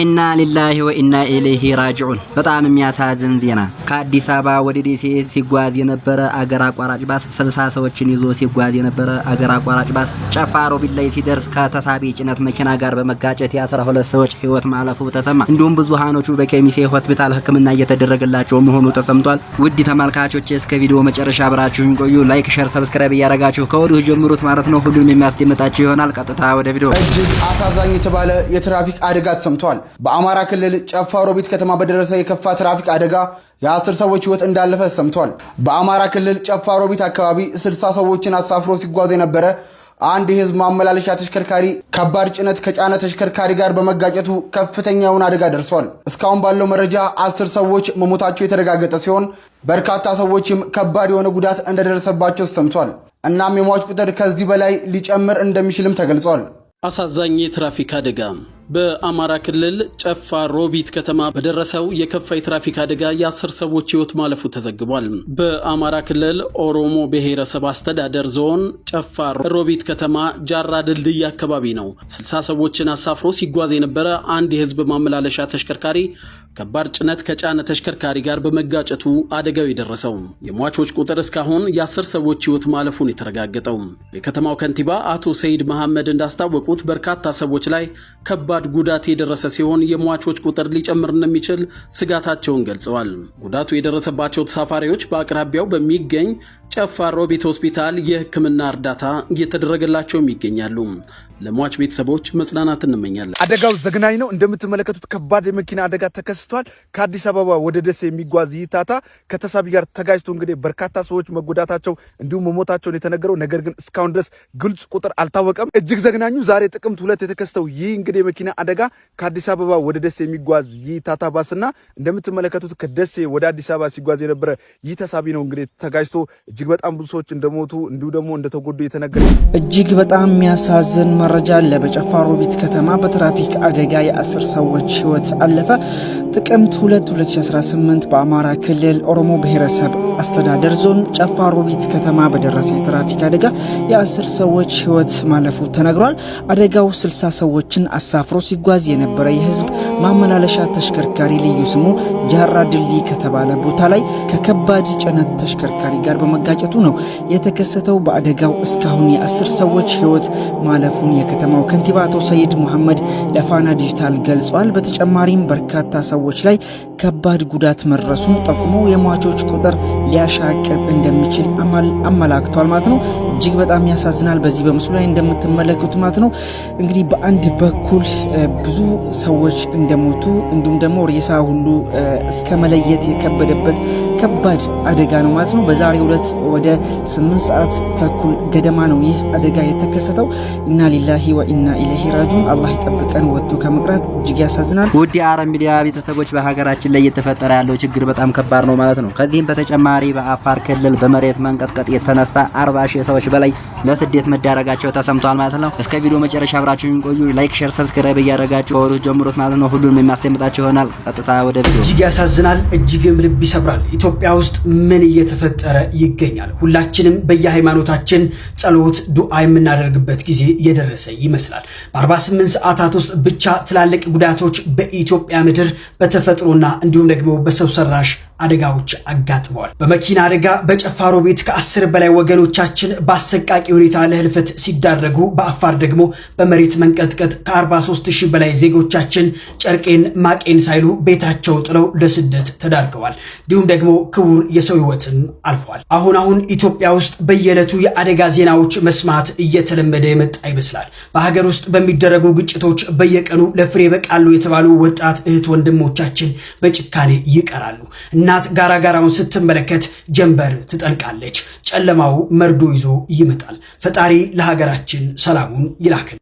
ኢና ሊላሂ ወኢና ኢለይሂ ራጅዑን። በጣም የሚያሳዝን ዜና። ከአዲስ አበባ ወደ ደሴ ሲጓዝ የነበረ አገር አቋራጭ ባስ ስልሳ ሰዎችን ይዞ ሲጓዝ የነበረ አገር አቋራጭ ባስ ጨፋ ሮቢት ላይ ሲደርስ ከተሳቢ ጭነት መኪና ጋር በመጋጨት የ12 ሰዎች ህይወት ማለፉ ተሰማ። እንዲሁም ብዙሃኖቹ በኬሚሴ ሆስፒታል ሕክምና እየተደረገላቸው መሆኑ ተሰምቷል። ውድ ተመልካቾች እስከ ቪዲዮ መጨረሻ አብራችሁን ቆዩ። ላይክ፣ ሸር፣ ሰብስክራይብ እያደረጋችሁ ከወዲሁ ጀምሩት ማለት ነው። ሁሉንም የሚያስደምጣችሁ ይሆናል። ቀጥታ ወደ ቪዲዮ። እጅግ አሳዛኝ የተባለ የትራፊክ አደጋ ተሰምቷል። ተሰምተዋል። በአማራ ክልል ጨፋ ሮቢት ከተማ በደረሰ የከፋ ትራፊክ አደጋ የአስር ሰዎች ህይወት እንዳለፈ ሰምቷል። በአማራ ክልል ጨፋ ሮቢት አካባቢ ስልሳ ሰዎችን አሳፍሮ ሲጓዝ የነበረ አንድ የህዝብ ማመላለሻ ተሽከርካሪ ከባድ ጭነት ከጫነ ተሽከርካሪ ጋር በመጋጨቱ ከፍተኛውን አደጋ ደርሷል። እስካሁን ባለው መረጃ አስር ሰዎች መሞታቸው የተረጋገጠ ሲሆን በርካታ ሰዎችም ከባድ የሆነ ጉዳት እንደደረሰባቸው ሰምቷል። እናም የሟች ቁጥር ከዚህ በላይ ሊጨምር እንደሚችልም ተገልጿል። አሳዛኝ የትራፊክ አደጋ በአማራ ክልል ጨፋ ሮቢት ከተማ በደረሰው የከፋ የትራፊክ አደጋ የአስር ሰዎች ሕይወት ማለፉ ተዘግቧል። በአማራ ክልል ኦሮሞ ብሔረሰብ አስተዳደር ዞን ጨፋ ሮቢት ከተማ ጃራ ድልድይ አካባቢ ነው። ስልሳ ሰዎችን አሳፍሮ ሲጓዝ የነበረ አንድ የህዝብ ማመላለሻ ተሽከርካሪ ከባድ ጭነት ከጫነ ተሽከርካሪ ጋር በመጋጨቱ አደጋው የደረሰው። የሟቾች ቁጥር እስካሁን የአስር ሰዎች ሕይወት ማለፉን የተረጋገጠው። የከተማው ከንቲባ አቶ ሰይድ መሐመድ እንዳስታወቁት በርካታ ሰዎች ላይ ከባድ ጉዳት የደረሰ ሲሆን የሟቾች ቁጥር ሊጨምር እንደሚችል ስጋታቸውን ገልጸዋል። ጉዳቱ የደረሰባቸው ተሳፋሪዎች በአቅራቢያው በሚገኝ ጨፋ ሮቢት ሆስፒታል የህክምና እርዳታ እየተደረገላቸውም ይገኛሉ። ለሟች ቤተሰቦች መጽናናት እንመኛለን። አደጋው ዘግናኝ ነው። እንደምትመለከቱት ከባድ የመኪና አደጋ ተከስቷል። ከአዲስ አበባ ወደ ደሴ የሚጓዝ ይህ ታታ ከተሳቢ ጋር ተጋጅቶ እንግዲህ በርካታ ሰዎች መጎዳታቸው እንዲሁም መሞታቸውን የተነገረው ነገር ግን እስካሁን ድረስ ግልጽ ቁጥር አልታወቀም። እጅግ ዘግናኙ ዛሬ ጥቅምት ሁለት የተከስተው ይህ እንግዲህ የመኪና አደጋ ከአዲስ አበባ ወደ ደሴ የሚጓዝ ይህ ታታ ባስና እንደምትመለከቱት ከደሴ ወደ አዲስ አበባ ሲጓዝ የነበረ ይህ ተሳቢ ነው እንግዲህ ተጋጅቶ እጅግ በጣም ብዙ ሰዎች እንደሞቱ እንዲሁ ደግሞ እንደተጎዱ የተነገረ እጅግ በጣም የሚያሳዝን መረጃ አለ። በጨፋ ከተማ በትራፊክ አደጋ የአስር ሰዎች ህይወት አለፈ። ጥቅምት 2 2018 በአማራ ክልል ኦሮሞ ብሔረሰብ አስተዳደር ዞን ጨፋሮቢት ከተማ በደረሰ የትራፊክ አደጋ የአስር ሰዎች ህይወት ማለፉ ተነግሯል። አደጋው 60 ሰዎችን አሳፍሮ ሲጓዝ የነበረ የህዝብ ማመላለሻ ተሽከርካሪ ልዩ ስሙ ጃራ ድልድይ ከተባለ ቦታ ላይ ከከባድ ጭነት ተሽከርካሪ ጋር በመጋጨቱ ነው የተከሰተው። በአደጋው እስካሁን የአስር ሰዎች ህይወት ማለፉን የከተማው ከንቲባ አቶ ሰይድ መሐመድ ለፋና ዲጂታል ገልጿል። በተጨማሪም በርካታ ሰዎች ላይ ከባድ ጉዳት መድረሱን ጠቁሞ የሟቾች ቁጥር ሊያሻቅብ እንደሚችል አመላክቷል ማለት ነው። እጅግ በጣም ያሳዝናል። በዚህ በምስሉ ላይ እንደምትመለከቱት ማለት ነው እንግዲህ በአንድ በኩል ብዙ ሰዎች እንደሞቱ እንዲሁም ደግሞ ሬሳ ሁሉ እስከ መለየት የከበደበት ከባድ አደጋ ነው ማለት ነው። በዛሬው ዕለት ወደ ስምንት ሰዓት ተኩል ገደማ ነው ይህ አደጋ የተከሰተው። ኢና ሊላሂ ወኢና ኢለይሂ ራጂዑን። አላህ ይጠብቀን ወጥቶ ከመቅረት እጅግ ያሳዝናል። ውድ የአረብ ሚዲያ ቤተሰቦች በሀገራችን ላይ እየተፈጠረ ያለው ችግር በጣም ከባድ ነው ማለት ነው። ከዚህም በተጨማሪ በአፋር ክልል በመሬት መንቀጥቀጥ የተነሳ አርባ ሺህ ሰዎች በላይ ለስደት መዳረጋቸው ተሰምቷል ማለት ነው። እስከ ቪዲዮ መጨረሻ አብራችሁን ቆዩ። ላይክ፣ ሼር፣ ሰብስክራይብ እያደረጋችሁ ከወሩት ጀምሮት ማለት ነው ሁሉንም የሚያስደምጣችሁ ይሆናል። ቀጥታ ወደ ቪዲዮ። እጅግ ያሳዝናል፣ እጅግም ልብ ይሰብራል። ኢትዮጵያ ውስጥ ምን እየተፈጠረ ይገኛል? ሁላችንም በየሃይማኖታችን ጸሎት፣ ዱዓ የምናደርግበት ጊዜ የደረሰ ይመስላል። በ48 ሰዓታት ውስጥ ብቻ ትላልቅ ጉዳቶች በኢትዮጵያ ምድር በተፈጥሮና እንዲሁም ደግሞ በሰው ሰራሽ አደጋዎች አጋጥመዋል። በመኪና አደጋ በጨፋሮ ቤት ከአስር በላይ ወገኖቻችን በአሰቃቂ ሁኔታ ለህልፈት ሲዳረጉ፣ በአፋር ደግሞ በመሬት መንቀጥቀጥ ከ43 ሺህ በላይ ዜጎቻችን ጨርቄን ማቄን ሳይሉ ቤታቸው ጥለው ለስደት ተዳርገዋል። እንዲሁም ደግሞ ክቡር የሰው ሕይወትም አልፏል። አሁን አሁን ኢትዮጵያ ውስጥ በየዕለቱ የአደጋ ዜናዎች መስማት እየተለመደ የመጣ ይመስላል። በሀገር ውስጥ በሚደረጉ ግጭቶች በየቀኑ ለፍሬ በቃሉ የተባሉ ወጣት እህት ወንድሞቻችን በጭካኔ ይቀራሉ። እናት ጋራ ጋራውን ስትመለከት ጀንበር ትጠልቃለች። ጨለማው መርዶ ይዞ ይመጣል። ፈጣሪ ለሀገራችን ሰላሙን ይላክል።